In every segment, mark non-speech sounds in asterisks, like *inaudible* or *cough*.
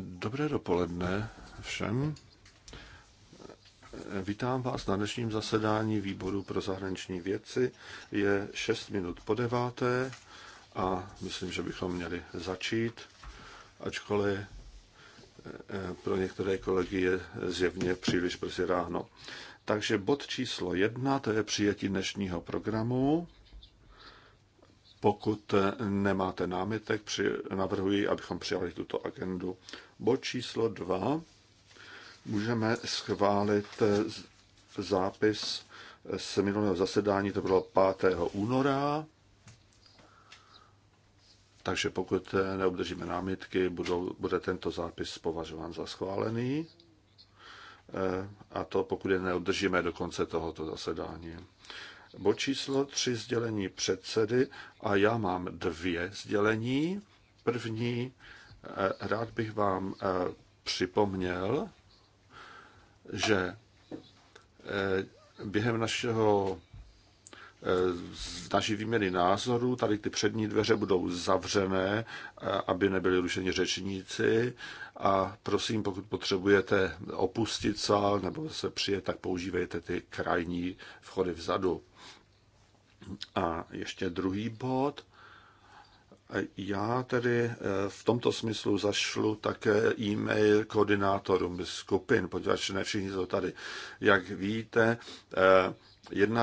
Dobré dopoledne všem. Vítám vás na dnešním zasedání výboru pro zahraniční věci. Je 6 minut po deváté a myslím, že bychom měli začít, ačkoliv eh, pro některé kolegy je zjevně příliš brzy ráno. Takže bod číslo jedna, to je přijetí dnešního programu. Pokud eh, nemáte námitek, navrhuji, abychom přijali tuto agendu Bod číslo 2. Můžeme schválit eh, zápis eh, z minulého zasedání, to bylo 5. února. Takže pokud eh, neobdržíme námitky, budou, bude tento zápis považován za schválený. A to pokud je neobdržíme do konce tohoto zasedání. bo číslo tři sdělení předsedy a já mám dvě sdělení. První Eh, rád bych vám eh, připomněl, že eh, během našeho z naší výměny názorů, tady ty přední dveře budou zavřené, aby nebyly rušeni řečníci a prosím, pokud potřebujete opustit sál nebo se přijet, tak používejte ty krajní vchody vzadu. A ještě druhý bod, já tedy eh, v tomto smyslu zašlu také e-mail koordinátorům skupin, protože ne všichni jsou tady. Jak víte,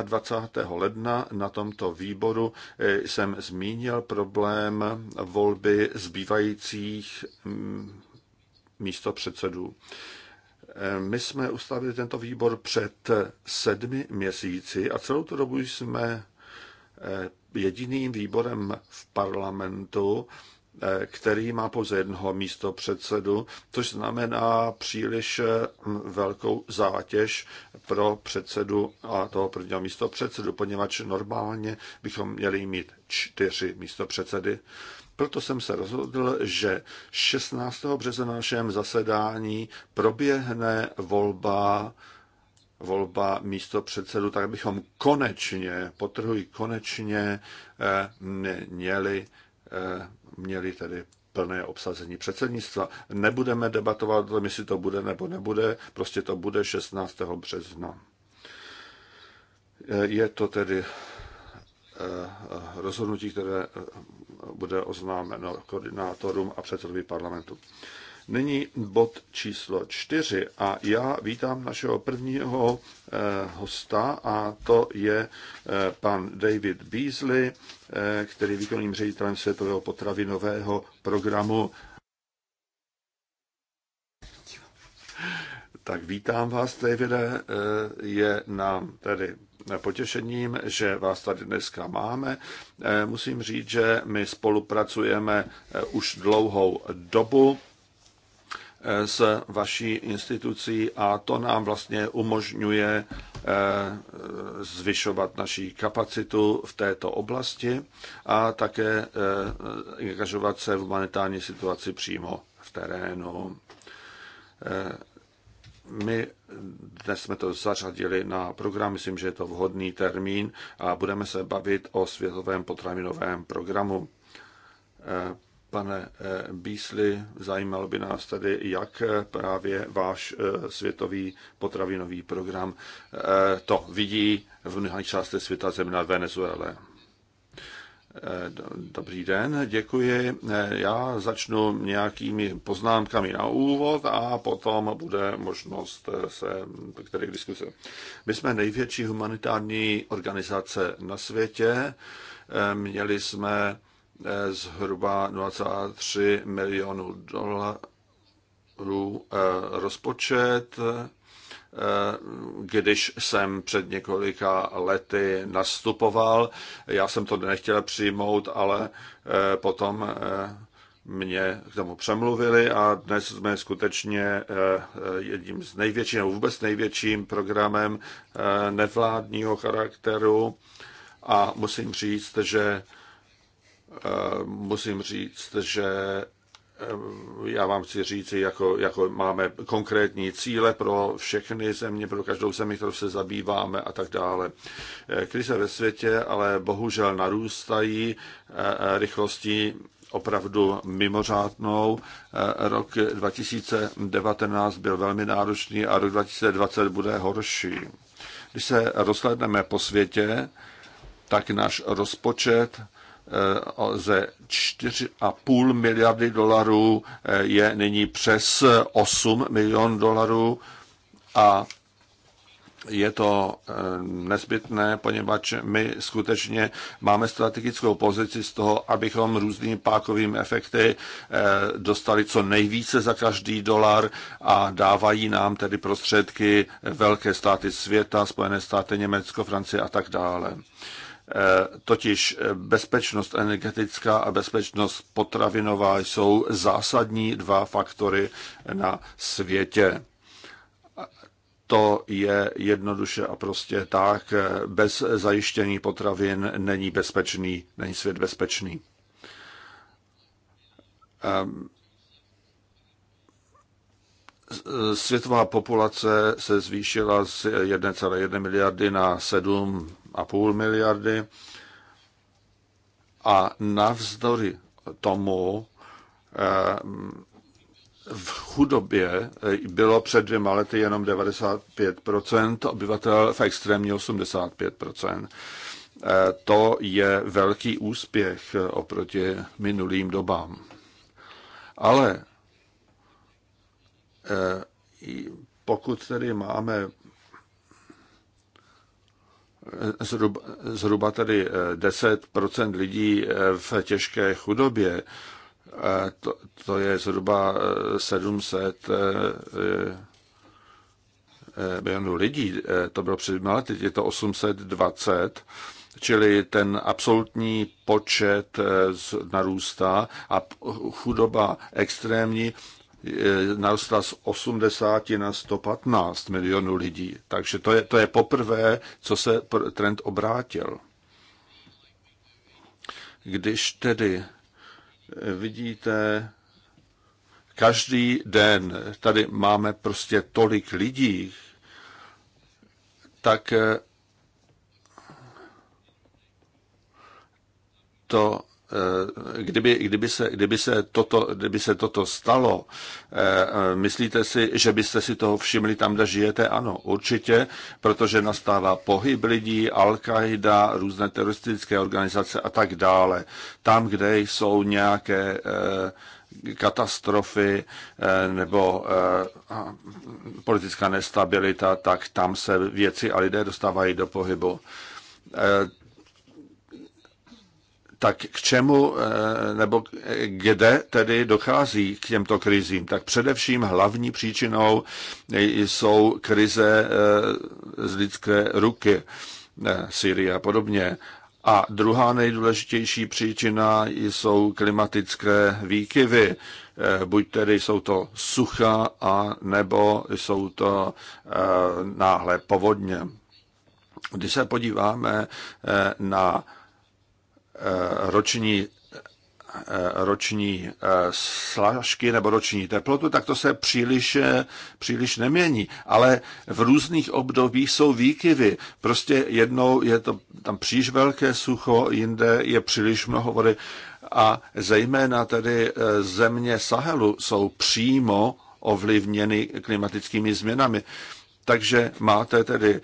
21. Eh, ledna na tomto výboru eh, jsem zmínil problém volby zbývajících mm, místo předsedů. My jsme ustavili tento výbor před sedmi měsíci a celou tu dobu jsme Eh, jediným výborem v parlamentu, eh, který má pouze jednoho místo předsedu, což znamená příliš eh, velkou zátěž pro předsedu a toho prvního místo předsedu, poněvadž normálně bychom měli mít čtyři místo předsedy. Proto jsem se rozhodl, že 16. března na našem zasedání proběhne volba volba místo předsedu, tak bychom konečně, potrhuji konečně, eh, měli, eh, měli tedy plné obsazení předsednictva. Nebudeme debatovat o tom, jestli to bude nebo nebude, prostě to bude 16. března. Eh, je to tedy rozhodnutí, které bude oznámeno koordinátorům a předsedovi parlamentu. Nyní bod číslo čtyři a já vítám našeho prvního eh, hosta a to je eh, pan David Beasley, eh, který je výkonným ředitelem Světového potravinového programu. Tak vítám vás, Davide. Je nám tady potěšením, že vás tady dneska máme. Musím říct, že my spolupracujeme už dlouhou dobu s vaší institucí a to nám vlastně umožňuje eh, zvyšovat naší kapacitu v této oblasti a také eh, angažovat se v humanitární situaci přímo v terénu. Eh, my dnes jsme to zařadili na program, myslím, že je to vhodný termín a budeme se bavit o světovém potravinovém programu Pane eh, Bísli, zajímalo by nás tady, jak eh, právě váš eh, světový potravinový program to vidí v mnoha části světa, zejména Venezuele. Dobrý den, děkuji. Já začnu nějakými poznámkami na úvod a potom bude možnost se které k diskuse. My jsme největší humanitární organizace na světě. Měli jsme zhruba 0,3 milionů dolarů eh, rozpočet. Eh, když jsem před několika lety nastupoval, já jsem to nechtěl přijmout, ale eh, potom mě k tomu přemluvili a dnes jsme skutečně jedním z největších, nebo vůbec největším programem nevládního charakteru a musím říct, že Eh, musím říct, že eh, já vám chci říct, jako, jako máme konkrétní cíle pro všechny země, pro každou zemi, kterou se zabýváme a tak dále. Eh, krize ve světě ale bohužel narůstají rychlostí opravdu mimořádnou. Rok 2019 byl velmi náročný a rok 2020 bude horší. Když se rozhledneme po světě, tak náš rozpočet Eh, ze 4,5 miliardy dolarů eh, je nyní přes 8 milion dolarů a je to eh, nezbytné, poněvadž my skutečně máme strategickou pozici z toho, abychom různými pákovými efekty dostali co nejvíce za každý dolar a dávají nám tedy prostředky velké státy světa, Spojené státy, Německo, Francie a tak dále. Eh, totiž eh, bezpečnost energetická a bezpečnost potravinová jsou zásadní dva faktory na světě. To je jednoduše a prostě tak. Bez zajištění potravin není bezpečný, není svět bezpečný. Ehm, světová populace se zvýšila z 1,1 miliardy na 7,5 miliardy a navzdory tomu eh, v chudobě eh, bylo před dvěma lety jenom 95%, obyvatel v extrémně 85%. Eh, to je velký úspěch oproti minulým dobám. Ale Eh, pokud tedy máme eh, zhruba, zhruba tedy 10% eh, lidí v těžké chudobě, to, to je zhruba 700 milionů lidí, to bylo před dvěma lety, je to 820, čili ten absolutní počet narůstá a chudoba extrémní narostla z 80 na 115 milionů lidí. Takže to je, to je poprvé, co se trend obrátil. Když tedy eh, vidíte každý den, tady máme prostě tolik lidí, tak eh, to Eh, kdyby, kdyby, se, kdyby, se toto, kdyby se toto stalo, eh, myslíte si, že byste si toho všimli tam, kde žijete? Ano, určitě, protože nastává pohyb lidí, Al-Qaida, různé teroristické organizace a tak dále. Tam, kde jsou nějaké eh, katastrofy nebo politická nestabilita, tak tam se věci a lidé dostávají do pohybu tak k čemu eh, nebo kde tedy dochází k těmto krizím? Tak především hlavní příčinou jsou krize eh, z lidské ruky, eh, Syrie a podobně. A druhá nejdůležitější příčina jsou klimatické výkyvy. Buď tedy jsou to sucha, a nebo jsou to náhle povodně. Když se podíváme na Eh, roční eh, roční eh, slažky nebo roční teplotu, tak to se příliš, příliš nemění. Ale v různých obdobích jsou výkyvy. Prostě jednou je to tam příliš velké sucho, jinde je příliš mnoho vody. A zejména tedy země Sahelu jsou přímo ovlivněny klimatickými změnami. Takže máte tedy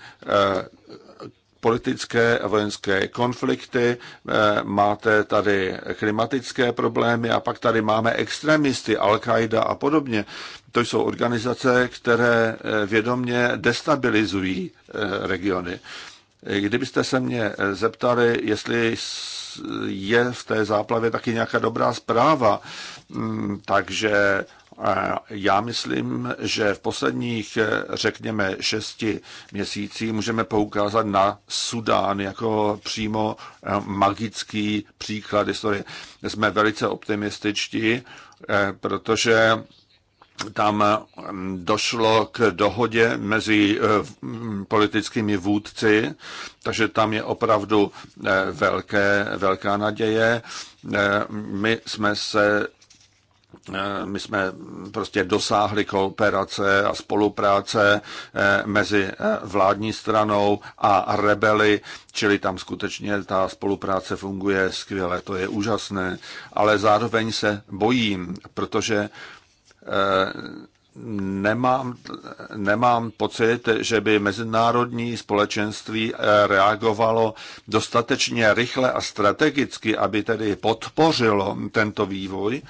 politické a vojenské konflikty, eh, máte tady klimatické problémy a pak tady máme extremisty, Al-Qaida a podobně. To jsou organizace, které eh, vědomně destabilizují eh, regiony. Kdybyste se mě zeptali, jestli je v té záplavě taky nějaká dobrá zpráva, mm, takže já myslím, že v posledních, řekněme, šesti měsících můžeme poukázat na Sudán jako přímo eh, magický příklad historie. Jsme velice optimističtí, eh, protože tam eh, došlo k dohodě mezi mm, politickými vůdci, takže tam je opravdu velké, velká naděje. My jsme se Eh, my jsme prostě dosáhli kooperace a spolupráce eh, mezi eh, vládní stranou a rebeli, čili tam skutečně ta spolupráce funguje skvěle, to je úžasné, ale zároveň se bojím, protože nemám, nemám pocit, že by mezinárodní společenství reagovalo dostatečně rychle a strategicky, aby tedy podpořilo tento vývoj,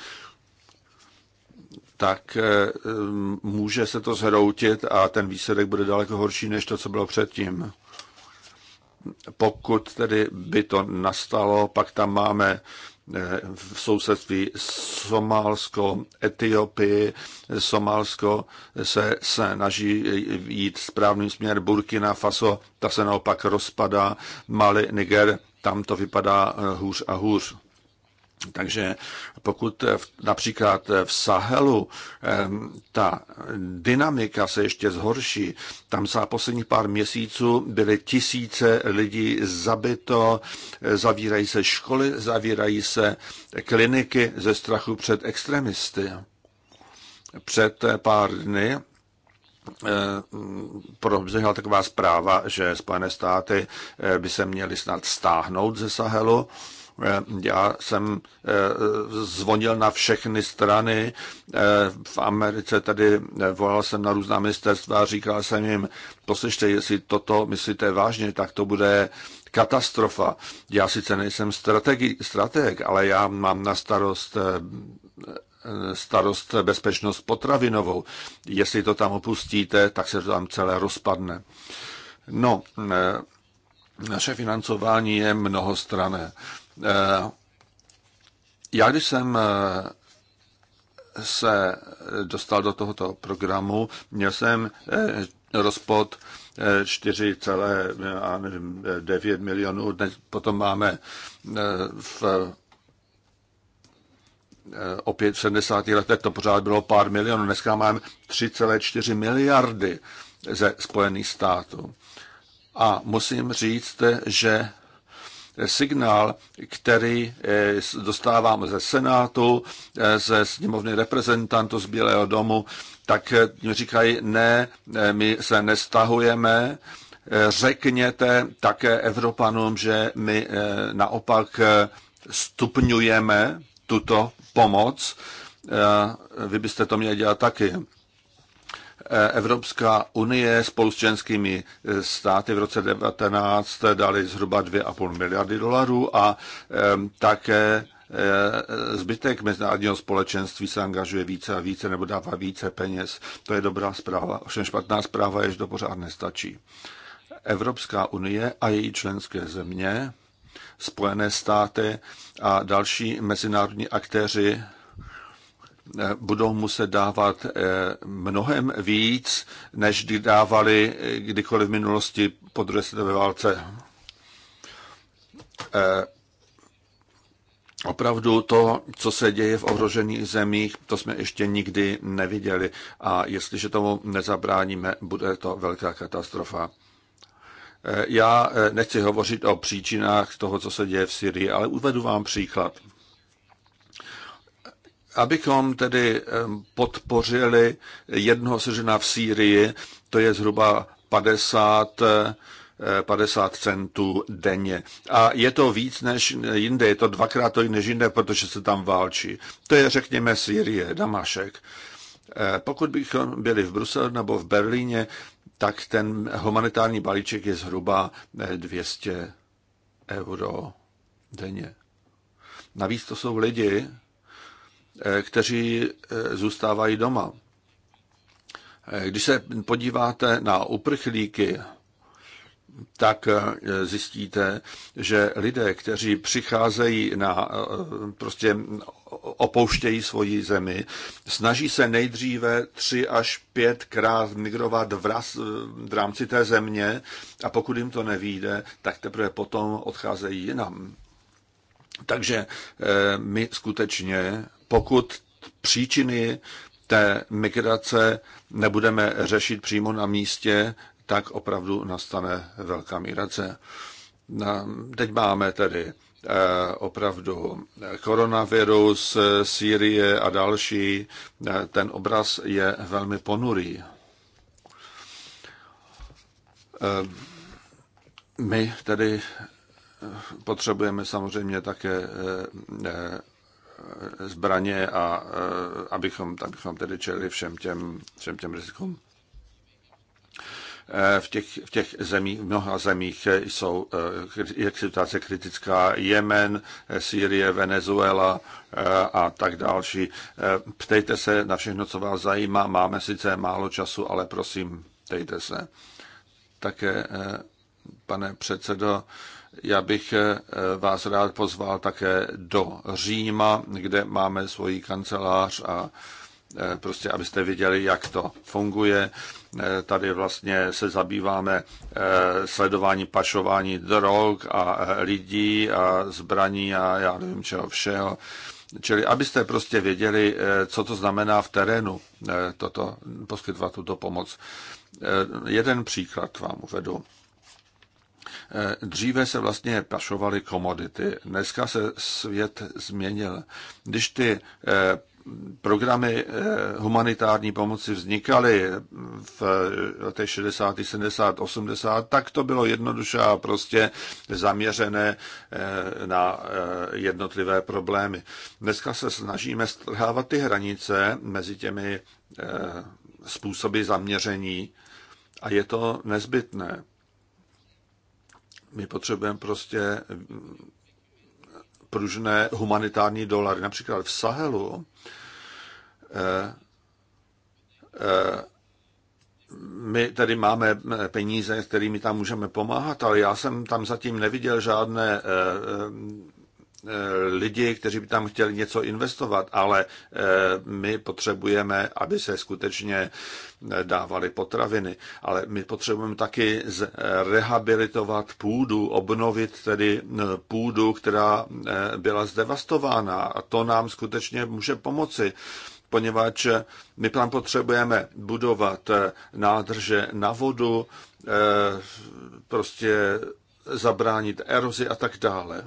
tak eh, eh, může se to zhroutit a ten výsledek bude daleko horší než to, co bylo předtím. Pokud tedy by to nastalo, pak tam máme eh, v sousedství Somálsko, Etiopii. Somálsko se snaží jít správným směr Burkina Faso, ta se naopak rozpadá. Mali, Niger, tam to vypadá hůř a hůř. Takže pokud eh, například eh, v Sahelu ta dynamika se ještě zhorší, tam za posledních pár měsíců byly tisíce lidí zabito, eh, zavírají se školy, zavírají se kliniky ze strachu před extremisty. Před pár dny proběhla taková zpráva, že Spojené státy by se měly snad stáhnout ze Sahelu Eh, já jsem eh, zvonil na všechny strany. Eh, v Americe tady volal jsem na různá ministerstva a říkal jsem jim, poslyšte, jestli toto myslíte vážně, tak to bude katastrofa. Já sice nejsem strategi- strateg, ale já mám na starost starost bezpečnost potravinovou. Jestli to tam opustíte, tak se to tam celé rozpadne. No, naše financování je mnohostrané. Eh, já když jsem eh, se dostal do tohoto programu, měl jsem eh, rozpod 4,9 milionů, dnes potom máme v opět v 70. letech to pořád bylo pár milionů, dneska máme 3,4 miliardy ze Spojených států. A musím říct, že signál, který eh, dostáváme ze Senátu, eh, ze sněmovny reprezentantů z Bílého domu, tak eh, říkají, ne, my se nestahujeme, řekněte také Evropanům, že my naopak stupňujeme tuto pomoc, vy byste to měli dělat taky. Eh, Evropská unie spolu s členskými eh, státy v roce 19 dali zhruba 2,5 miliardy dolarů a ehm, také eh, zbytek mezinárodního společenství se angažuje více a více nebo dává více peněz. To je dobrá zpráva. Ovšem špatná zpráva je, že to pořád nestačí. Evropská unie a její členské země, Spojené státy a další mezinárodní aktéři Eh, budou muset dávat eh, mnohem víc, než kdy dávali eh, kdykoliv v minulosti po druhé světové válce. Opravdu to, co se děje v ohrožených zemích, to jsme ještě nikdy neviděli. A jestliže tomu nezabráníme, bude to velká katastrofa. Já nechci hovořit o příčinách toho, co se děje v Syrii, ale uvedu vám příklad. Abychom tedy podpořili jednoho sežena v Sýrii, to je zhruba 50 50 eh, centů denně. A je to víc než jinde, je to dvakrát to než jinde, protože se tam válčí. To je, řekněme, Sýrie, Damašek. Eh, pokud bychom byli v Bruselu nebo v Berlíně, tak ten humanitární balíček je zhruba 200 eh, euro denně. Navíc to jsou lidi, Eh, kteří eh, zůstávají doma. Eh, když se podíváte na uprchlíky, tak zjistíte, že lidé, kteří přicházejí na, prostě opouštějí svoji zemi, snaží se nejdříve tři až pětkrát migrovat v, raz, v rámci té země a pokud jim to nevíde, tak teprve potom odcházejí jinam. Takže my skutečně pokud příčiny té migrace nebudeme řešit přímo na místě, tak opravdu nastane velká migrace. Teď máme tedy eh, opravdu koronavirus, Sýrie a další. Eh, ten obraz je velmi ponurý. Eh, my tedy potřebujeme samozřejmě také zbraně a e, abychom, abychom tedy čelili všem těm, všem těm rizikům. E, v těch, v těch zemích, v mnoha zemích jsou, e, je situace kritická. Jemen, Sýrie, Venezuela a tak další. Ptejte se na všechno, co vás zajímá. Máme sice málo času, ale prosím, ptejte se. Také, pane předsedo, já bych eh, vás rád pozval také do Říma, kde máme svoji kancelář a eh, prostě abyste viděli, jak to funguje. Eh, tady vlastně se zabýváme sledování pašování drog a lidí a zbraní a já nevím čeho všeho. Čili abyste prostě věděli, co to znamená v terénu, toto, poskytovat tuto pomoc. Jeden příklad vám uvedu. Eh, dříve se vlastně pašovaly komodity, dneska se svět změnil. Když ty eh, programy eh, humanitární pomoci vznikaly v letech 60., 70., 80., tak to bylo jednoduše a prostě zaměřené na jednotlivé problémy. Dneska se snažíme strhávat ty hranice mezi těmi způsoby zaměření a je to nezbytné. My potřebujeme prostě pružné humanitární dolary. Například v Sahelu eh, eh, my tady máme eh, peníze, kterými tam můžeme pomáhat, ale já jsem tam zatím neviděl žádné Eh, lidi, kteří by tam chtěli něco investovat, ale eh, my potřebujeme, aby se skutečně eh, dávaly potraviny, ale my potřebujeme taky rehabilitovat půdu, obnovit tedy půdu, která byla zdevastována a to nám skutečně může pomoci poněvadž my tam potřebujeme budovat nádrže na vodu, prostě zabránit erozi a tak dále.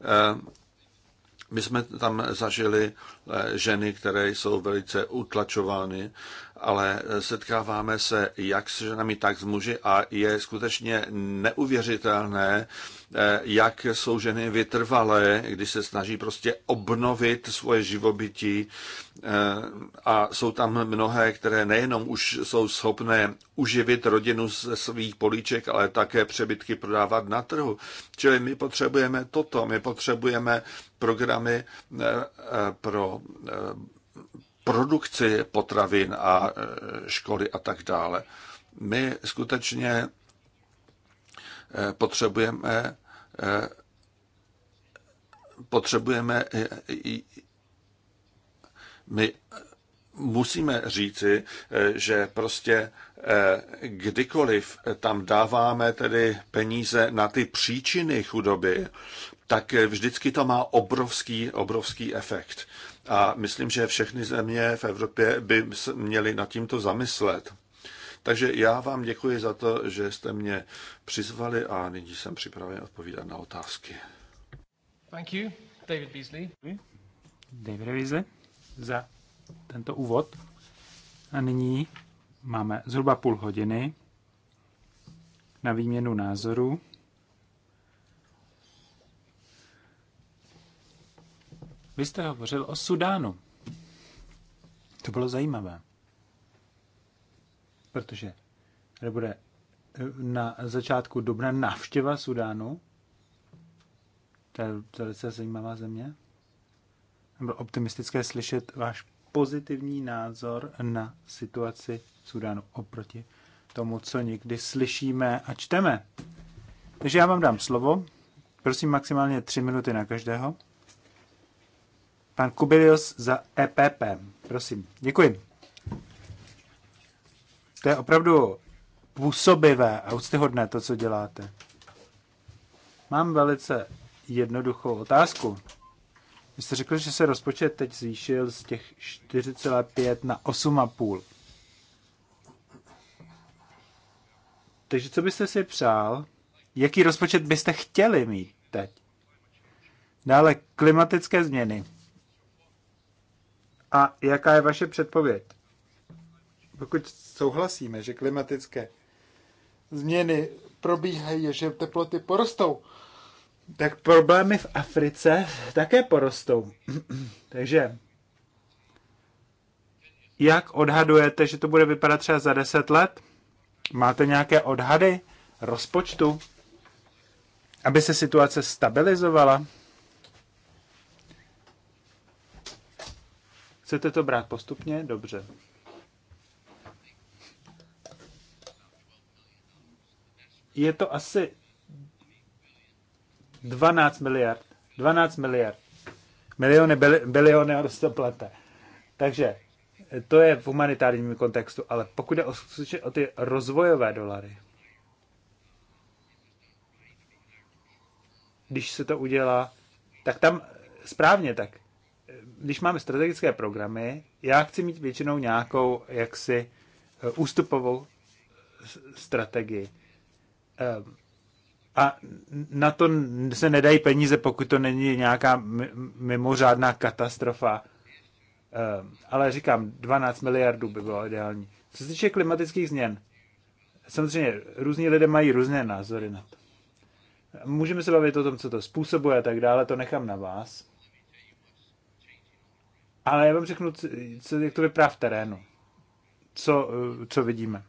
Eh, my jsme tam zažili eh, ženy, které jsou velice utlačovány ale setkáváme se jak s ženami, tak s muži a je skutečně neuvěřitelné, eh, jak jsou ženy vytrvalé, když se snaží prostě obnovit svoje živobytí eh, a jsou tam mnohé, které nejenom už jsou schopné uživit rodinu ze svých políček, ale také přebytky prodávat na trhu. Čili my potřebujeme toto, my potřebujeme programy eh, pro produkci potravin a e, školy a tak dále. My skutečně e, potřebujeme e, potřebujeme my musíme říci, že prostě kdykoliv tam dáváme tedy peníze na ty příčiny chudoby, tak vždycky to má obrovský, obrovský efekt. A myslím, že všechny země v Evropě by měly nad tímto zamyslet. Takže já vám děkuji za to, že jste mě přizvali a nyní jsem připraven odpovídat na otázky. Thank you, David Beasley. David Beasley za tento úvod. A nyní máme zhruba půl hodiny na výměnu názorů. Vy jste hovořil o Sudánu. To bylo zajímavé. Protože tady bude eh, na začátku dobrá návštěva Sudánu. To je velice zajímavá země. Bylo optimistické slyšet váš pozitivní názor na situaci v Sudánu oproti tomu, co někdy slyšíme a čteme. Takže já vám dám slovo. Prosím maximálně tři minuty na každého. Pan Kubilius za EPP. Prosím. Děkuji. To je opravdu působivé a úctyhodné to, co děláte. Mám velice jednoduchou otázku. Vy jste řekl, že se rozpočet teď zvýšil z těch 4,5 na 8,5. Takže co byste si přál? Jaký rozpočet byste chtěli mít teď? Dále klimatické změny. A jaká je vaše předpověď? Pokud souhlasíme, že klimatické změny probíhají že teploty porostou, tak problémy v Africe také porostou. *clears throat* Takže jak odhadujete, že to bude vypadat třeba za 10 let? Máte nějaké odhady rozpočtu, aby se situace stabilizovala? Chcete to brát postupně? Dobře. Je to asi 12 miliard. 12 miliard. Miliony, biliony a plete. Takže to je v humanitárním kontextu, ale pokud jde o, o ty rozvojové dolary, když se to udělá, tak tam správně tak když máme strategické programy, já chci mít většinou nějakou jaksi eh, ústupovou strategii. Ehm, a na to se nedají peníze, pokud to není nějaká mimořádná katastrofa. Ehm, ale říkám, 12 miliardů by bylo ideální. Co se týče klimatických změn, samozřejmě různí lidé mají různé názory na to. Můžeme se bavit o tom, co to způsobuje a tak dále, to nechám na vás. Ale já vám řeknu, co, jak to vypadá v terénu. Co, eh, co vidíme.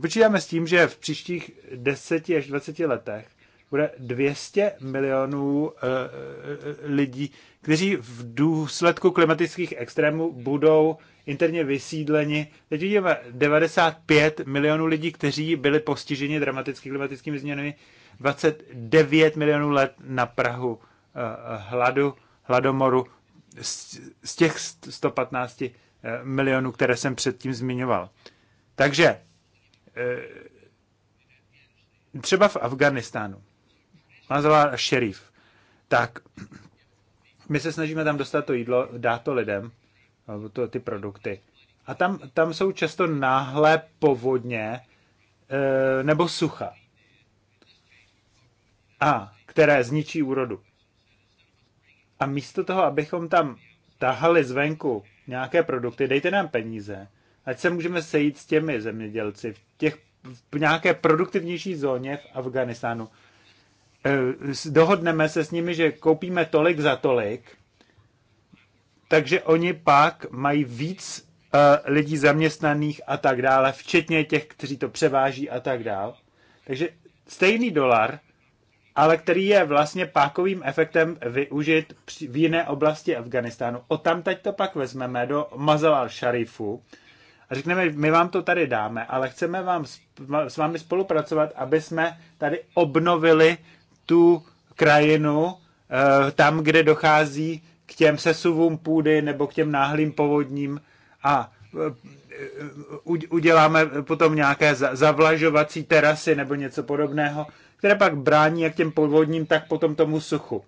Počítáme s tím, že v příštích 10 až 20 letech bude 200 milionů e, lidí, kteří v důsledku klimatických extrémů budou interně vysídleni. Teď vidíme 95 milionů lidí, kteří byli postiženi dramatickými klimatickými změnami, 29 milionů let na Prahu e, hladu, hladomoru, z těch 115 eh, milionů, které jsem předtím zmiňoval. Takže eh, třeba v Afganistánu, Mazala šerif, tak my se snažíme tam dostat to jídlo, dát to lidem, eh, to, ty produkty. A tam, tam jsou často náhle povodně nebo sucha. A které zničí úrodu a místo toho, abychom tam tahali zvenku nějaké produkty, dejte nám peníze, ať se můžeme sejít s těmi zemědělci v, těch, v nějaké produktivnější zóně v Afganistánu. E, dohodneme se s nimi, že koupíme tolik za tolik, takže oni pak mají víc uh, lidí zaměstnaných a tak dále, včetně těch, kteří to převáží a tak dále. Takže stejný dolar ale který je vlastně pákovým efektem využit v jiné oblasti Afganistánu. O tam teď to pak vezmeme do Mazal al-Sharifu a řekneme, my vám to tady dáme, ale chceme vám s vámi spolupracovat, aby jsme tady obnovili tu krajinu eh, tam, kde dochází k těm sesuvům půdy nebo k těm náhlým povodním a eh, eh, uděláme potom nějaké zavlažovací terasy nebo něco podobného které pak brání jak těm povodním, tak potom tomu suchu.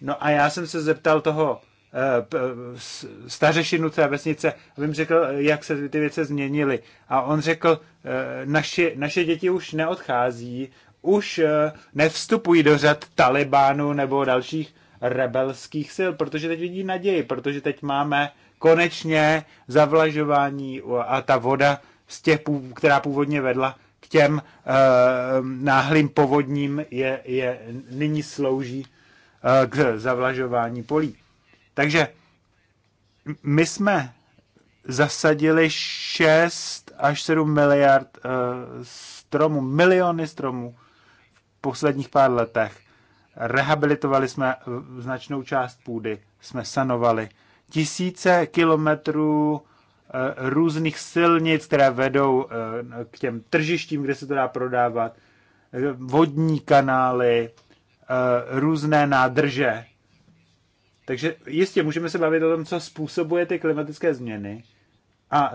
No a já jsem se zeptal toho eh, stařešinu té vesnice, abych řekl, jak se ty věci změnily. A on řekl, eh, naši, naše děti už neodchází, už eh, nevstupují do řad Talibánu nebo dalších rebelských sil, protože teď vidí naději, protože teď máme konečně zavlažování a ta voda z těch, která původně vedla těm uh, náhlým povodním je, je nyní slouží eh, k zavlažování polí. Takže my jsme zasadili 6 až 7 miliard eh, stromů, miliony stromů v posledních pár letech. Rehabilitovali jsme značnou část půdy, jsme sanovali tisíce kilometrů Eh, různých silnic, které vedou eh, k těm tržištím, kde se to dá prodávat, eh, vodní kanály, různé nádrže. Takže jistě můžeme se bavit o tom, co způsobuje ty klimatické změny a,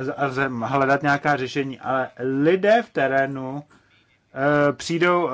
hledat nějaká řešení, ale lidé v terénu přijdou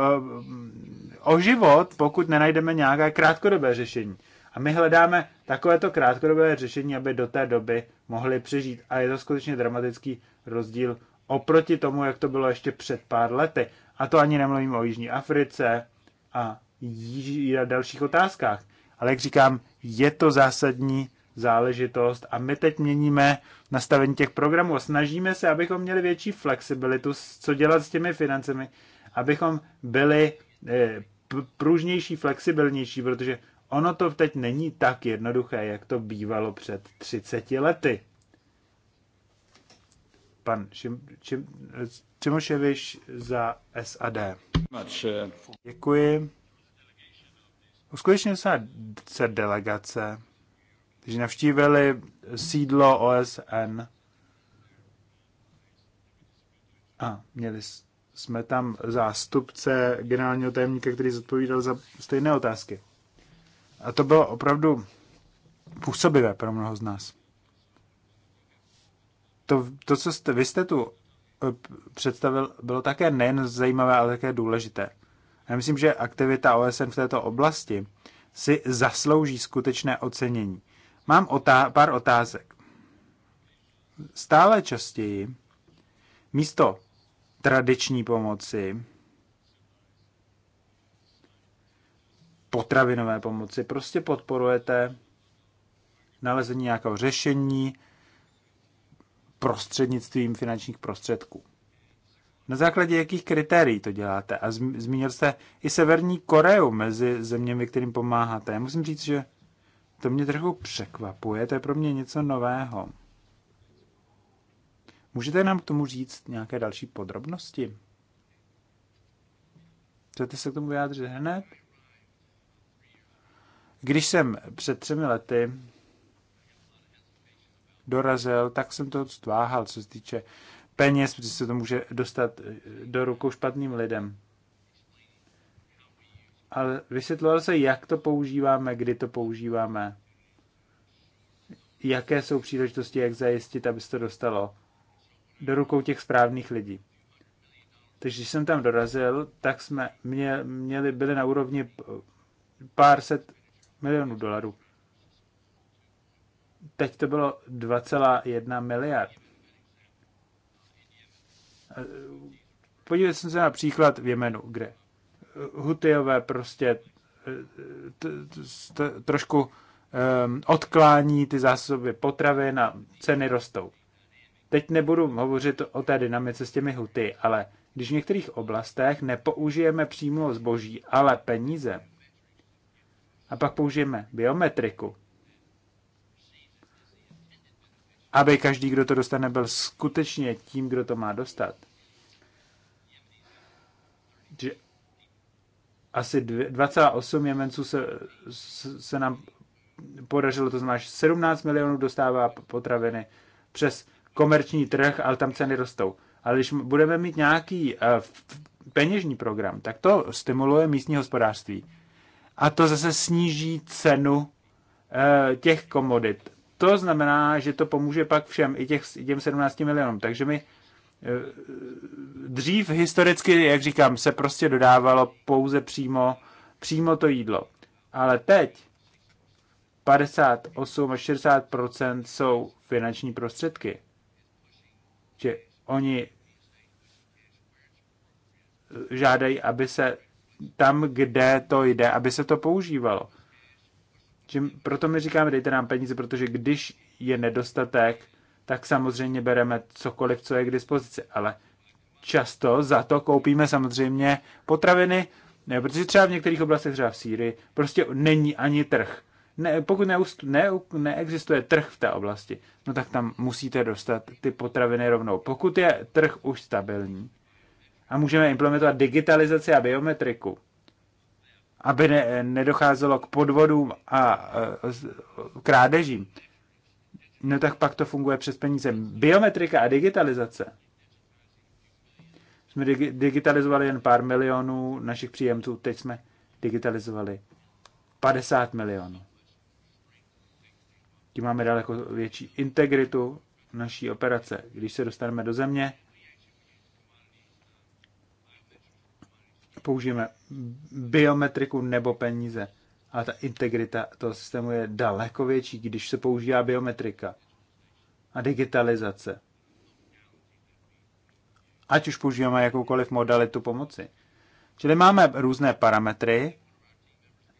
o život, pokud nenajdeme nějaké krátkodobé řešení. A my hledáme takovéto krátkodobé řešení, aby do té doby mohli přežít. A je to skutečně dramatický rozdíl oproti tomu, jak to bylo ještě před pár lety. A to ani nemluvím o Jižní Africe a, již, a dalších otázkách. Ale jak říkám, je to zásadní záležitost a my teď měníme nastavení těch programů a snažíme se, abychom měli větší flexibilitu, co dělat s těmi financemi, abychom byli eh, pružnější, flexibilnější, protože Ono to teď není tak jednoduché, jak to bývalo před 30 lety. Pan Čimoševiš za SAD. Děkuji. Uskutečně se, se delegace, když navštívili sídlo OSN a měli jsme tam zástupce generálního tajemníka, který zodpovídal za stejné otázky. A to bylo opravdu působivé pro mnoho z nás. To, to co jste, vy jste tu eh, představil, bylo také nejen zajímavé, ale také důležité. Já myslím, že aktivita OSN v této oblasti si zaslouží skutečné ocenění. Mám otá- pár otázek. Stále častěji místo tradiční pomoci potravinové pomoci. Prostě podporujete nalezení nějakého řešení prostřednictvím finančních prostředků. Na základě jakých kritérií to děláte? A zmínil jste i Severní Koreu mezi zeměmi, kterým pomáháte. Já musím říct, že to mě trochu překvapuje, to je pro mě něco nového. Můžete nám k tomu říct nějaké další podrobnosti? Chcete se k tomu vyjádřit hned? Když jsem před třemi lety dorazil, tak jsem to stváhal, co se týče peněz, protože se to může dostat eh, do rukou špatným lidem. Ale vysvětloval se, jak to používáme, kdy to používáme, jaké jsou příležitosti, jak zajistit, aby se to dostalo do rukou těch správných lidí. Takže když jsem tam dorazil, tak jsme mě, měli, byli na úrovni pár set milionů dolarů. Teď to bylo 2,1 miliard. Podívejte se například v Jemenu, kde Hutyové prostě e, trošku um, odklání ty zásoby potravy na ceny rostou. Teď nebudu hovořit o té dynamice s těmi huty, ale když v některých oblastech nepoužijeme přímo zboží, ale peníze, a pak použijeme biometriku, aby každý, kdo to dostane, byl skutečně tím, kdo to má dostat. Že asi 2,8 Jemenců se, se nám podařilo, to znamená, že 17 milionů dostává potraviny přes komerční trh, ale tam ceny rostou. Ale když budeme mít nějaký uh, peněžní program, tak to stimuluje místní hospodářství a to zase sníží cenu eh, těch komodit. To znamená, že to pomůže pak všem, i, těch, i těm 17 milionům. Takže my eh, dřív historicky, jak říkám, se prostě dodávalo pouze přímo, přímo to jídlo. Ale teď 58 až 60 jsou finanční prostředky. Že oni eh, žádají, aby se tam, kde to jde, aby se to používalo. Že proto my říkáme, dejte nám peníze, protože když je nedostatek, tak samozřejmě bereme cokoliv, co je k dispozici. Ale často za to koupíme samozřejmě potraviny, ne, protože třeba v některých oblastech, třeba v Sýrii, prostě není ani trh. Ne, pokud neust, ne, neexistuje trh v té oblasti, no tak tam musíte dostat ty potraviny rovnou. Pokud je trh už stabilní, a můžeme implementovat digitalizaci a biometriku, aby ne, nedocházelo k podvodům a e, krádežím, no tak pak to funguje přes peníze. Biometrika a digitalizace. Jsme digitalizovali jen pár milionů našich příjemců, teď jsme digitalizovali 50 milionů. Tím máme daleko větší integritu naší operace. Když se dostaneme do země, použijeme biometriku nebo peníze. A ta integrita toho systému je daleko větší, když se používá biometrika a digitalizace. Ať už používáme jakoukoliv modalitu pomoci. Čili máme různé parametry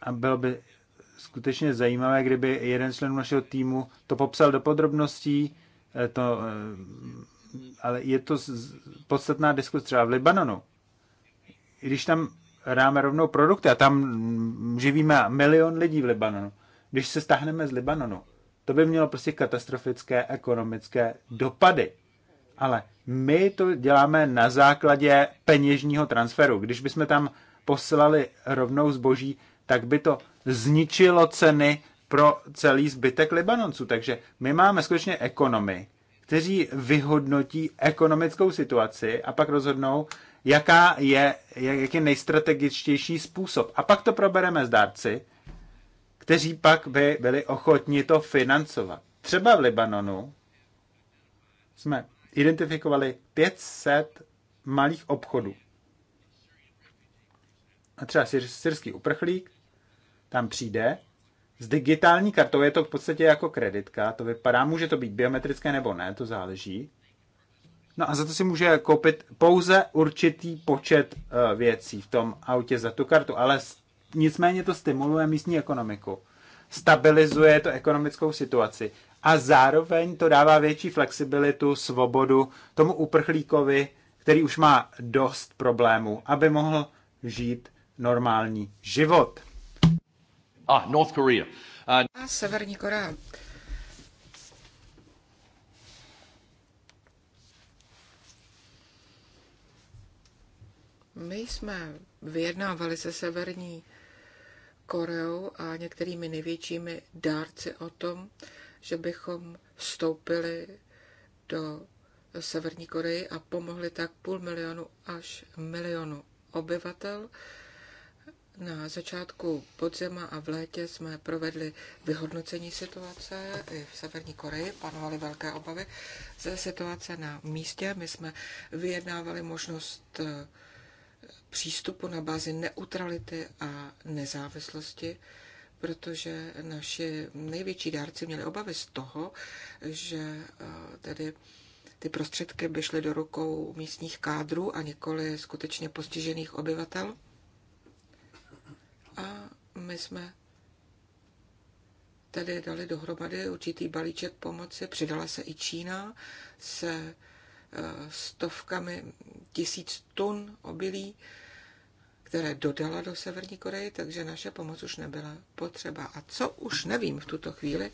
a bylo by skutečně zajímavé, kdyby jeden člen našeho týmu to popsal do podrobností, eh, to, eh, ale je to podstatná diskuse třeba v Libanonu když tam dáme rovnou produkty a tam živíme milion lidí v Libanonu, když se stáhneme z Libanonu, to by mělo prostě katastrofické ekonomické dopady. Ale my to děláme na základě peněžního transferu. Když bychom tam poslali rovnou zboží, tak by to zničilo ceny pro celý zbytek Libanonců. Takže my máme skutečně ekonomy, kteří vyhodnotí ekonomickou situaci a pak rozhodnou, jaká je, jak je nejstrategičtější způsob. A pak to probereme s dárci, kteří pak by byli ochotni to financovat. Třeba v Libanonu jsme identifikovali 500 malých obchodů. A třeba syrský uprchlík tam přijde s digitální kartou, je to v podstatě jako kreditka, to vypadá, může to být biometrické nebo ne, to záleží. No a za to si může koupit pouze určitý počet eh, věcí v tom autě za tu kartu, ale nicméně to stimuluje místní ekonomiku, stabilizuje to ekonomickou situaci a zároveň to dává větší flexibilitu, svobodu tomu uprchlíkovi, který už má dost problémů, aby mohl žít normální život. Ah, North Korea. Uh... A Severní Korea. My jsme vyjednávali se Severní Koreou a některými největšími dárci o tom, že bychom vstoupili do Severní Koreji a pomohli tak půl milionu až milionu obyvatel. Na začátku podzima a v létě jsme provedli vyhodnocení situace i v Severní Koreji. Panovaly velké obavy ze situace na místě. My jsme vyjednávali možnost přístupu na bázi neutrality a nezávislosti, protože naši největší dárci měli obavy z toho, že eh, tedy ty prostředky by šly do rukou místních kádrů a nikoli skutečně postižených obyvatel. A my jsme tedy dali dohromady určitý balíček pomoci. Přidala se i Čína se stovkami tisíc tun obilí, které dodala do Severní Koreje, takže naše pomoc už nebyla potřeba. A co už nevím v tuto chvíli,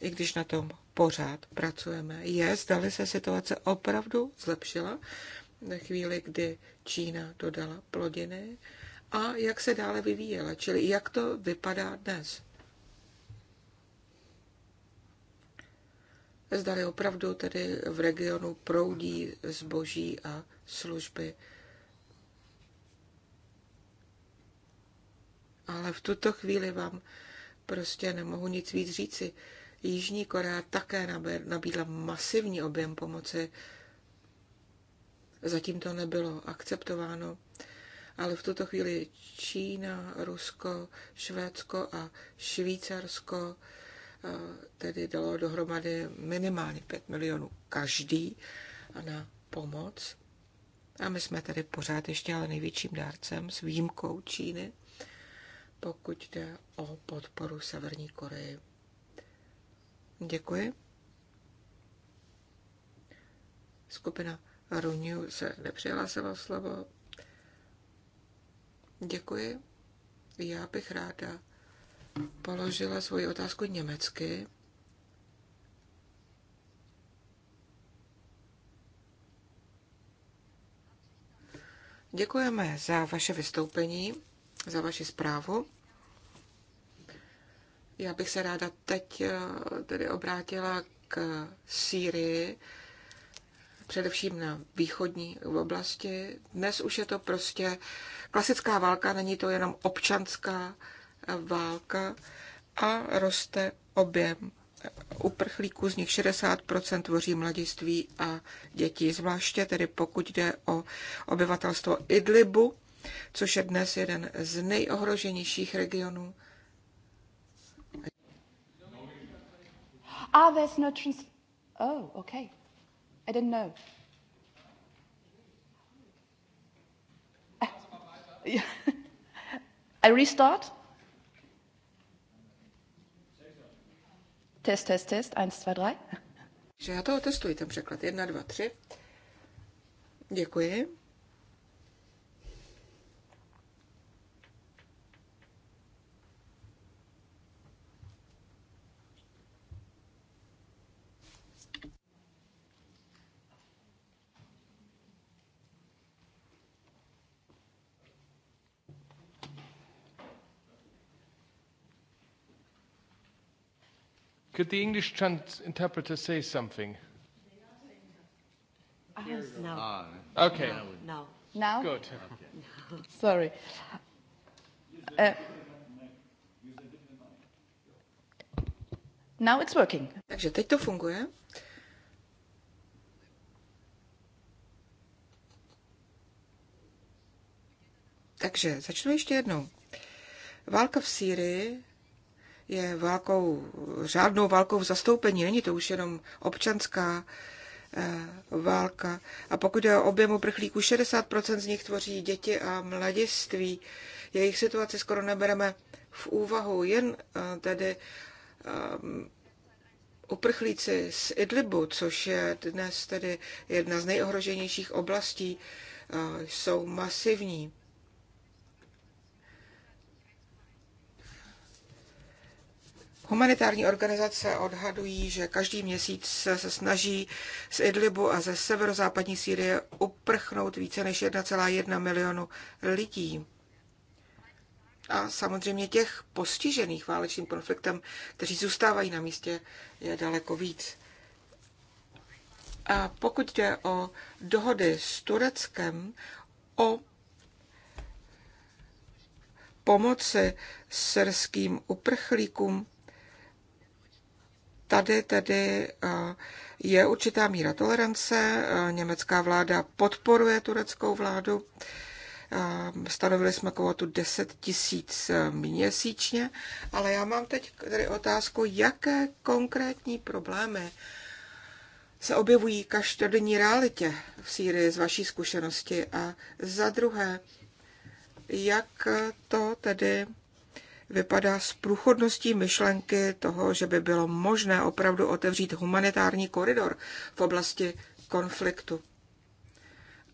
i když na tom pořád pracujeme, je, zdali se situace opravdu zlepšila ve chvíli, kdy Čína dodala plodiny a jak se dále vyvíjela, čili jak to vypadá dnes. zdali opravdu tedy v regionu proudí zboží a služby. Ale v tuto chvíli vám prostě nemohu nic víc říci. Jižní Korea také nabídla masivní objem pomoci. Zatím to nebylo akceptováno, ale v tuto chvíli Čína, Rusko, Švédsko a Švýcarsko tedy dalo dohromady minimálně 5 milionů každý na pomoc. A my jsme tady pořád ještě ale největším dárcem s výjimkou Číny, pokud jde o podporu Severní Koreji. Děkuji. Skupina Runiu se nepřihlásila slovo. Děkuji. Já bych ráda položila svoji otázku německy. Děkujeme za vaše vystoupení, za vaši zprávu. Já bych se ráda teď eh, tedy obrátila k Sýrii, především na východní oblasti. Dnes už je to prostě klasická válka, není to jenom občanská válka a roste objem uprchlíků, z nich 60% tvoří mladiství a děti, zvláště tedy pokud jde o obyvatelstvo Idlibu, což je dnes jeden z nejohroženějších regionů. Ah, there's no trans- Oh, okay. I didn't know. *laughs* I restart? Test, test, test, 1, 2, 3. Že já to otestuji, ten překlad. 1, 2, 3. Děkuji. Could the English trans- interpreter say something? Uh, no. Okay. No. Now? Good. Okay. *laughs* Sorry. Uh, now it's working. Takže teď to funguje. Takže začnu ještě jednou. Válka v Sýrii je válkou, řádnou válkou v zastoupení. Není to už jenom občanská eh, válka. A pokud je o objemu prchlíků, 60% z nich tvoří děti a mladiství. Jejich situaci skoro nebereme v úvahu. Jen eh, tedy um, uprchlíci z Idlibu, což je dnes tedy jedna z nejohroženějších oblastí, jsou masivní. Humanitární organizace odhadují, že každý měsíc se snaží z Idlibu a ze severozápadní Sýrie uprchnout více než 1,1 milionu lidí. A samozřejmě těch postižených válečným konfliktem, kteří zůstávají na místě, je daleko víc. A pokud jde o dohody s Tureckem o pomoci syrským uprchlíkům, Tady tedy eh, je určitá míra tolerance. Eh, německá vláda podporuje tureckou vládu. Eh, stanovili jsme kvotu 10 tisíc měsíčně, ale já mám teď tady otázku, jaké konkrétní problémy se objevují každodenní realitě v Sýrii z vaší zkušenosti a za druhé, jak to tedy vypadá s průchodností myšlenky toho, že by bylo možné opravdu otevřít humanitární koridor v oblasti konfliktu.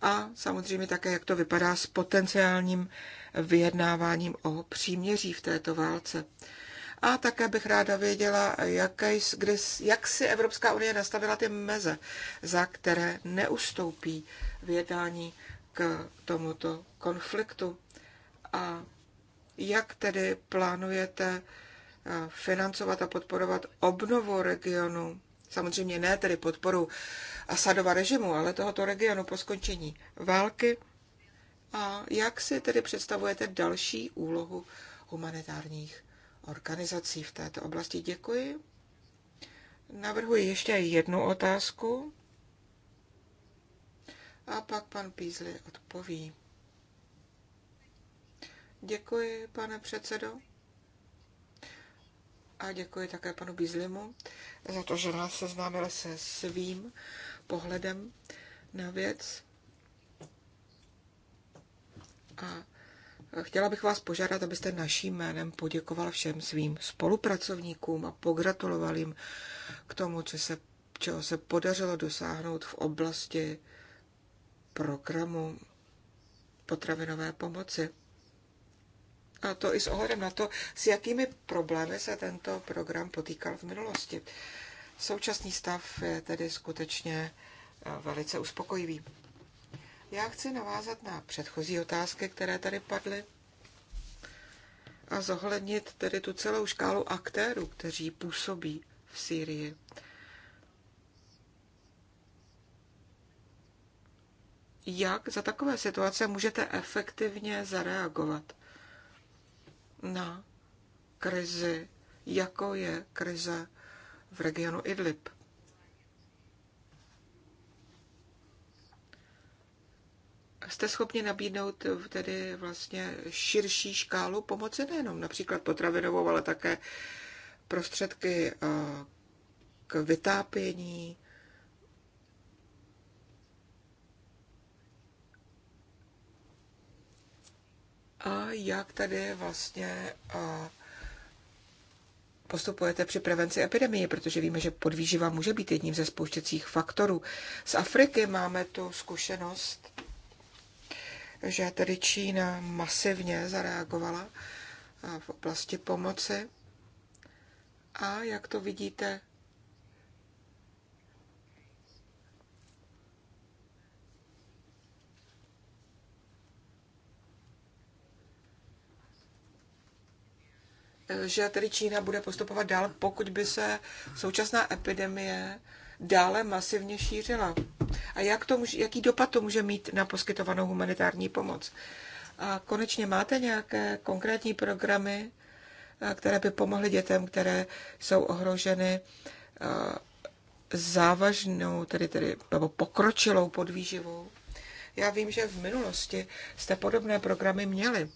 A samozřejmě také, jak to vypadá s potenciálním vyjednáváním o příměří v této válce. A také bych ráda věděla, jaké, kde, jak si Evropská unie nastavila ty meze, za které neustoupí vyjednání k tomuto konfliktu. A jak tedy plánujete eh, financovat a podporovat obnovu regionu? Samozřejmě ne tedy podporu Asadova režimu, ale tohoto regionu po skončení války. A jak si tedy představujete další úlohu humanitárních organizací v této oblasti? Děkuji. Navrhuji ještě jednu otázku a pak pan Pízli odpoví. Děkuji, pane předsedo. A děkuji také panu Bízlimu za to, že nás seznámil se svým pohledem na věc. A chtěla bych vás požádat, abyste naším jménem poděkoval všem svým spolupracovníkům a pogratuloval jim k tomu, co se, čeho se podařilo dosáhnout v oblasti programu potravinové pomoci a to i s ohledem na to, s jakými problémy se tento program potýkal v minulosti. Současný stav je tedy skutečně eh, velice uspokojivý. Já chci navázat na předchozí otázky, které tady padly a zohlednit tedy tu celou škálu aktérů, kteří působí v Sýrii. Jak za takové situace můžete efektivně zareagovat? na krizi, jako je krize v regionu Idlib. Jste schopni nabídnout tedy vlastně širší škálu pomoci, nejenom například potravinovou, ale také prostředky eh, k vytápění, a jak tady vlastně postupujete při prevenci epidemie, protože víme, že podvýživa může být jedním ze spouštěcích faktorů. Z Afriky máme tu zkušenost, že tedy Čína masivně zareagovala v oblasti pomoci. A jak to vidíte že tedy Čína bude postupovat dál, pokud by se současná epidemie dále masivně šířila. A jak to může, jaký dopad to může mít na poskytovanou humanitární pomoc? A konečně máte nějaké konkrétní programy, eh, které by pomohly dětem, které jsou ohroženy eh, závažnou, tedy, tedy nebo pokročilou podvýživou? Já vím, že v minulosti jste podobné programy měli.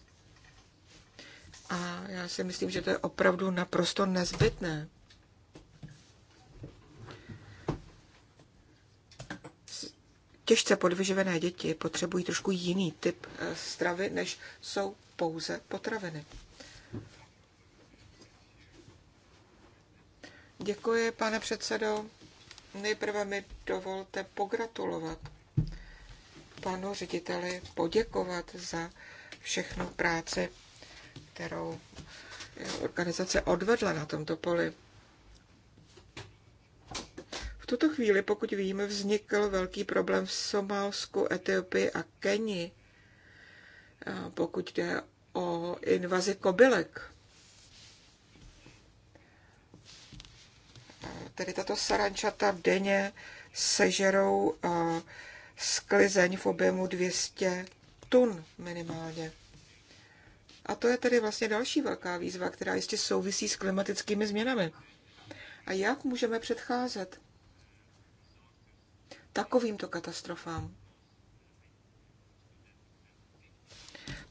A já si myslím, že to je opravdu naprosto nezbytné. Těžce podvyživené děti potřebují trošku jiný typ eh, stravy, než jsou pouze potraviny. Děkuji, pane předsedo. Nejprve mi dovolte pogratulovat panu řediteli, poděkovat za všechnu práci kterou organizace odvedla na tomto poli. V tuto chvíli, pokud víme, vznikl velký problém v Somálsku, Etiopii a Keni, pokud jde o invazi kobylek. Tedy tato sarančata denně sežerou sklizeň v objemu 200 tun minimálně. A to je tedy vlastně další velká výzva, která jistě souvisí s klimatickými změnami. A jak můžeme předcházet takovýmto katastrofám?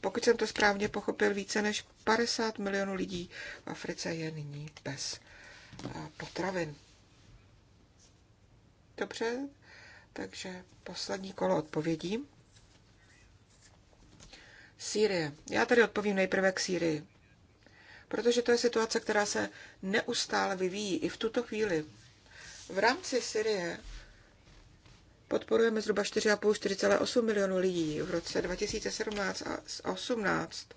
Pokud jsem to správně pochopil, více než 50 milionů lidí v Africe je nyní bez eh, potravin. Dobře, takže poslední kolo odpovědím. Sýrie. Já tady odpovím nejprve k Sýrii. Protože to je situace, která se neustále vyvíjí i v tuto chvíli. V rámci Syrie podporujeme zhruba 4,5-4,8 milionů lidí v roce 2017 a 2018.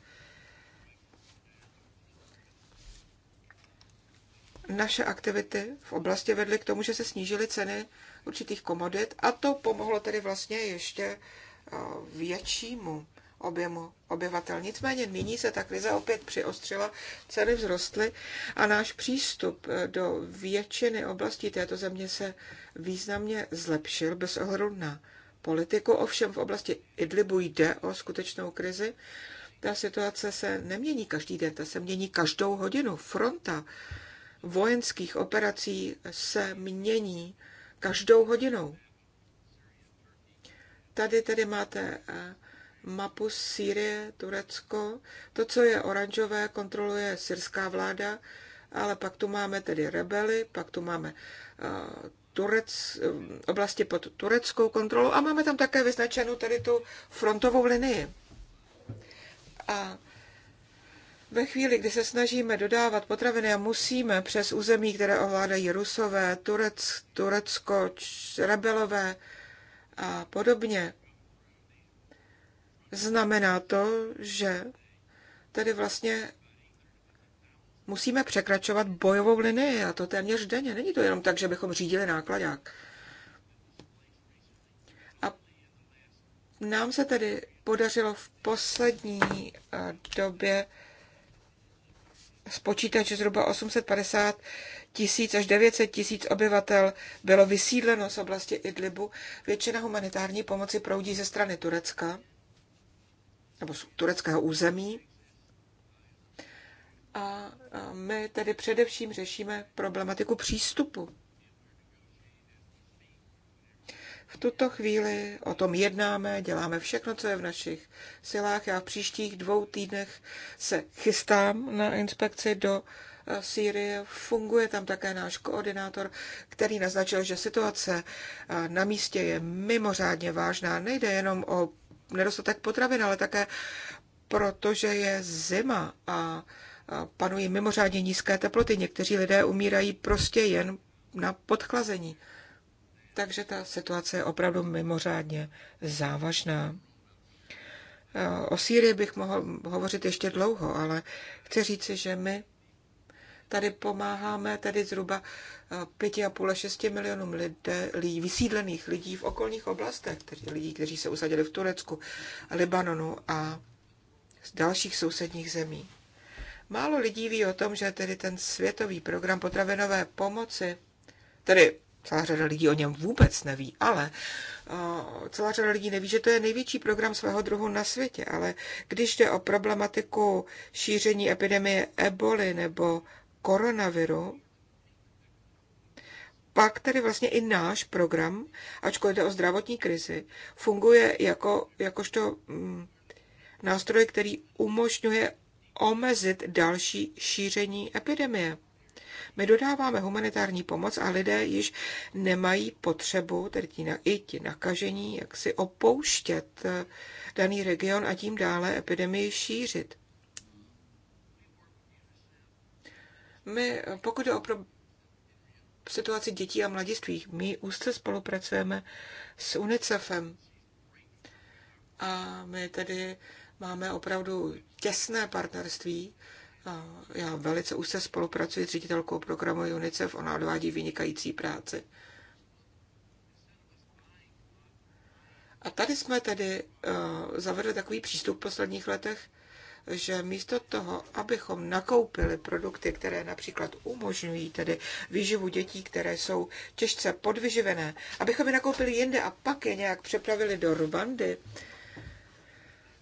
Naše aktivity v oblasti vedly k tomu, že se snížily ceny určitých komodit a to pomohlo tedy vlastně ještě eh, většímu objemu obyvatel. Nicméně nyní se ta krize opět přiostřila, ceny vzrostly a náš přístup eh, do většiny oblastí této země se významně zlepšil bez ohledu na politiku. Ovšem v oblasti Idlibu jde o skutečnou krizi. Ta situace se nemění každý den, ta se mění každou hodinu. Fronta vojenských operací se mění každou hodinou. Tady tedy máte eh, mapu Sýrie, Turecko. To, co je oranžové, kontroluje syrská vláda, ale pak tu máme tedy rebely, pak tu máme eh, Turec, eh, oblasti pod tureckou kontrolou a máme tam také vyznačenou tedy tu frontovou linii. A ve chvíli, kdy se snažíme dodávat potraviny a musíme přes území, které ovládají Rusové, Turec, Turecko, rebelové a podobně, Znamená to, že tedy vlastně musíme překračovat bojovou linii a to téměř denně. Není to jenom tak, že bychom řídili nákladák. A nám se tedy podařilo v poslední eh, době spočítat, že zhruba 850 tisíc až 900 tisíc obyvatel bylo vysídleno z oblasti Idlibu. Většina humanitární pomoci proudí ze strany Turecka nebo z tureckého území. A my tedy především řešíme problematiku přístupu. V tuto chvíli o tom jednáme, děláme všechno, co je v našich silách. Já v příštích dvou týdnech se chystám na inspekci do Sýrie. Funguje tam také náš koordinátor, který naznačil, že situace na místě je mimořádně vážná. Nejde jenom o nedostatek potravin, ale také proto, že je zima a panují mimořádně nízké teploty. Někteří lidé umírají prostě jen na podchlazení. Takže ta situace je opravdu mimořádně závažná. E, o Sýrii bych mohl hovořit ještě dlouho, ale chci říci, že my Tady pomáháme tedy zhruba 5,5 eh, a 6 milionům lidé, lidí, vysídlených lidí v okolních oblastech, tedy lidí, kteří se usadili v Turecku, Libanonu a z dalších sousedních zemí. Málo lidí ví o tom, že tedy ten světový program potravinové pomoci, tedy celá řada lidí o něm vůbec neví, ale eh, celá řada lidí neví, že to je největší program svého druhu na světě, ale když jde o problematiku šíření epidemie eboli nebo koronaviru, pak tedy vlastně i náš program, ačkoliv jde o zdravotní krizi, funguje jako, jakožto mm, nástroj, který umožňuje omezit další šíření epidemie. My dodáváme humanitární pomoc a lidé již nemají potřebu, tedy ti na, i ti nakažení, jak si opouštět eh, daný region a tím dále epidemii šířit. My, pokud je o pro situaci dětí a mladistvých, my úzce spolupracujeme s UNICEFem. A my tedy máme opravdu těsné partnerství. Já velice úzce spolupracuji s ředitelkou programu UNICEF, ona odvádí vynikající práci. A tady jsme tedy eh, zavedli takový přístup v posledních letech, že místo toho, abychom nakoupili produkty, které například umožňují tedy výživu dětí, které jsou těžce podvyživené, abychom je nakoupili jinde a pak je nějak přepravili do Rubandy,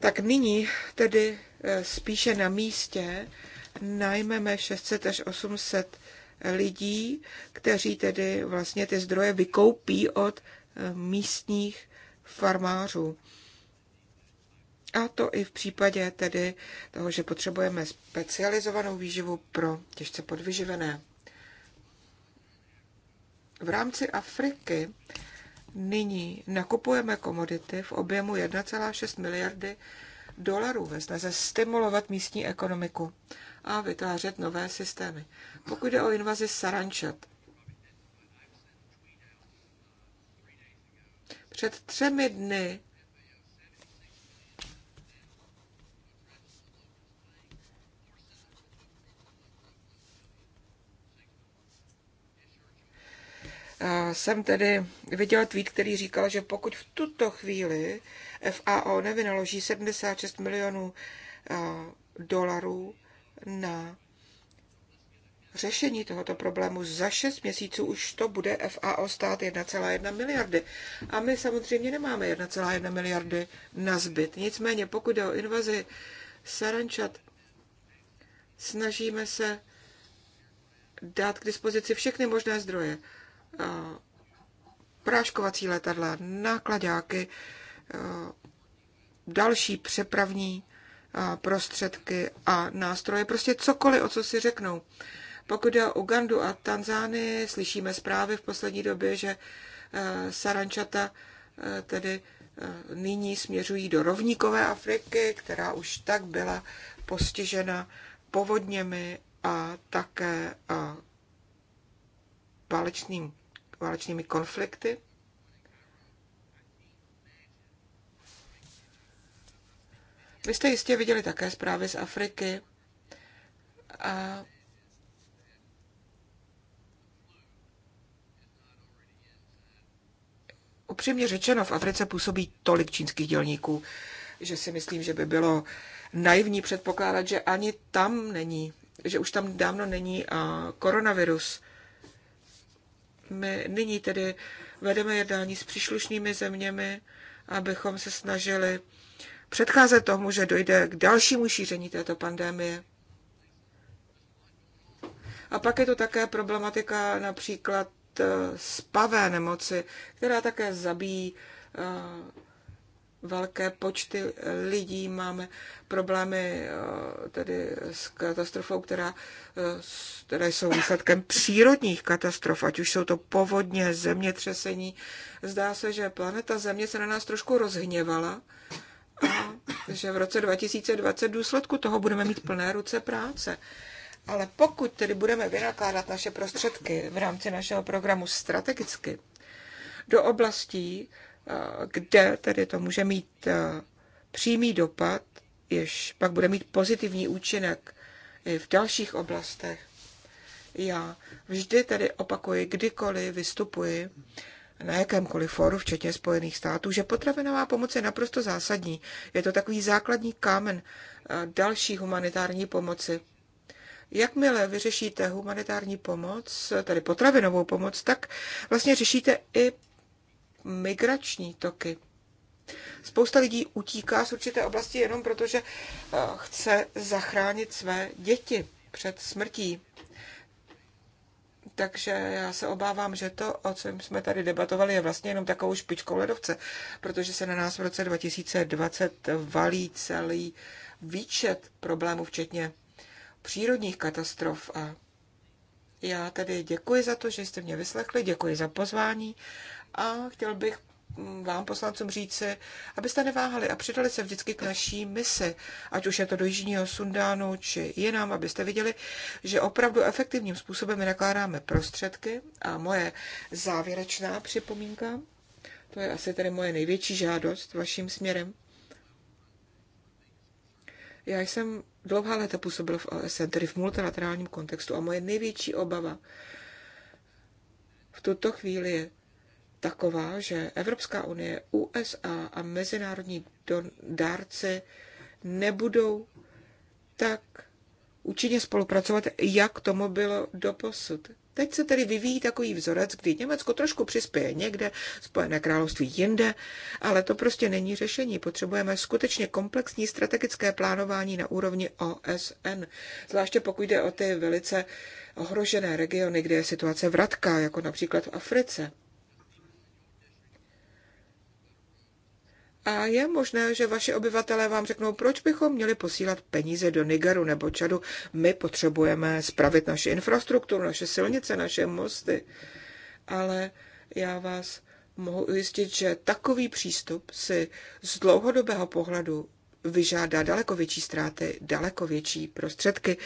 tak nyní tedy eh, spíše na místě najmeme 600 až 800 lidí, kteří tedy vlastně ty zdroje vykoupí od eh, místních farmářů. A to i v případě tedy toho, že potřebujeme specializovanou výživu pro těžce podvyživené. V rámci Afriky nyní nakupujeme komodity v objemu 1,6 miliardy dolarů ve snaze stimulovat místní ekonomiku a vytvářet nové systémy. Pokud jde o invazi sarančat, před třemi dny jsem tedy viděl tweet, který říkal, že pokud v tuto chvíli FAO nevynaloží 76 milionů dolarů na řešení tohoto problému za 6 měsíců už to bude FAO stát 1,1 miliardy. A my samozřejmě nemáme 1,1 miliardy na zbyt. Nicméně, pokud jde o invazi sarančat, snažíme se dát k dispozici všechny možné zdroje práškovací letadla, nákladáky, další přepravní prostředky a nástroje, prostě cokoliv, o co si řeknou. Pokud jde o Ugandu a Tanzánii, slyšíme zprávy v poslední době, že e, sarančata e, tedy e, nyní směřují do rovníkové Afriky, která už tak byla postižena povodněmi a také válečným válečnými konflikty. Vy jste jistě viděli také zprávy z Afriky a upřímně řečeno, v Africe působí tolik čínských dělníků, že si myslím, že by bylo naivní předpokládat, že ani tam není, že už tam dávno není koronavirus. My nyní tedy vedeme jednání s příslušnými zeměmi, abychom se snažili předcházet tomu, že dojde k dalšímu šíření této pandemie. A pak je to také problematika například eh, spavé nemoci, která také zabíjí eh, velké počty lidí, máme problémy eh, tedy s katastrofou, která, eh, které jsou výsledkem přírodních katastrof, ať už jsou to povodně, zemětřesení. Zdá se, že planeta Země se na nás trošku rozhněvala a že v roce 2020 v důsledku toho budeme mít plné ruce práce. Ale pokud tedy budeme vynakládat naše prostředky v rámci našeho programu strategicky do oblastí, kde tedy to může mít přímý dopad, jež pak bude mít pozitivní účinek i v dalších oblastech. Já vždy tedy opakuji, kdykoliv vystupuji na jakémkoliv fóru, včetně Spojených států, že potravinová pomoc je naprosto zásadní. Je to takový základní kámen další humanitární pomoci. Jakmile vyřešíte humanitární pomoc, tedy potravinovou pomoc, tak vlastně řešíte i migrační toky. Spousta lidí utíká z určité oblasti jenom proto, že eh, chce zachránit své děti před smrtí. Takže já se obávám, že to, o čem jsme tady debatovali, je vlastně jenom takovou špičkou ledovce, protože se na nás v roce 2020 valí celý výčet problémů, včetně přírodních katastrof. A já tedy děkuji za to, že jste mě vyslechli, děkuji za pozvání a chtěl bych mm, vám poslancům říci, abyste neváhali a přidali se vždycky k naší misi, ať už je to do Jižního Sundánu či jinam, abyste viděli, že opravdu efektivním způsobem nakládáme prostředky a moje závěrečná připomínka, to je asi tedy moje největší žádost vaším směrem. Já jsem dlouhá léta působil v OSN, tedy v multilaterálním kontextu a moje největší obava v tuto chvíli je taková, že Evropská unie, USA a mezinárodní dárci nebudou tak účinně spolupracovat, jak tomu bylo doposud. Teď se tedy vyvíjí takový vzorec, kdy Německo trošku přispěje někde, Spojené království jinde, ale to prostě není řešení. Potřebujeme skutečně komplexní strategické plánování na úrovni OSN, zvláště pokud jde o ty velice ohrožené regiony, kde je situace vratká, jako například v Africe. A je možné, že vaši obyvatelé vám řeknou, proč bychom měli posílat peníze do Nigeru nebo Čadu. My potřebujeme spravit naši infrastrukturu, naše silnice, naše mosty. Ale já vás mohu ujistit, že takový přístup si z dlouhodobého pohledu vyžádá daleko větší ztráty, daleko větší prostředky.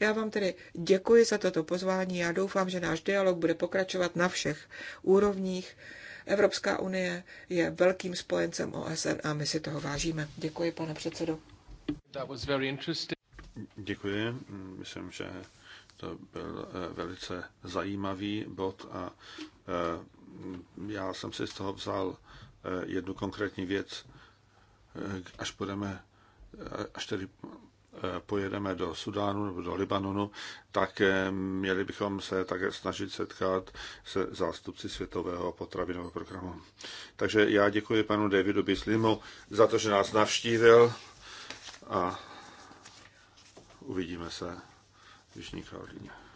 Já vám tedy děkuji za toto pozvání. Já doufám, že náš dialog bude pokračovat na všech úrovních Evropská unie je velkým spojencem OSN a my si toho vážíme. Děkuji, pane předsedo. Děkuji. Myslím, že to byl eh, velice zajímavý bod a eh, já jsem si z toho vzal eh, jednu konkrétní věc. Až budeme, až tedy Eh, pojedeme do Sudánu nebo do Libanonu, tak eh, měli bychom se také snažit setkat se zástupci Světového potravinového programu. Takže já děkuji panu Davidu Bislimu za to, že nás navštívil a uvidíme se v Jižní Karolíně.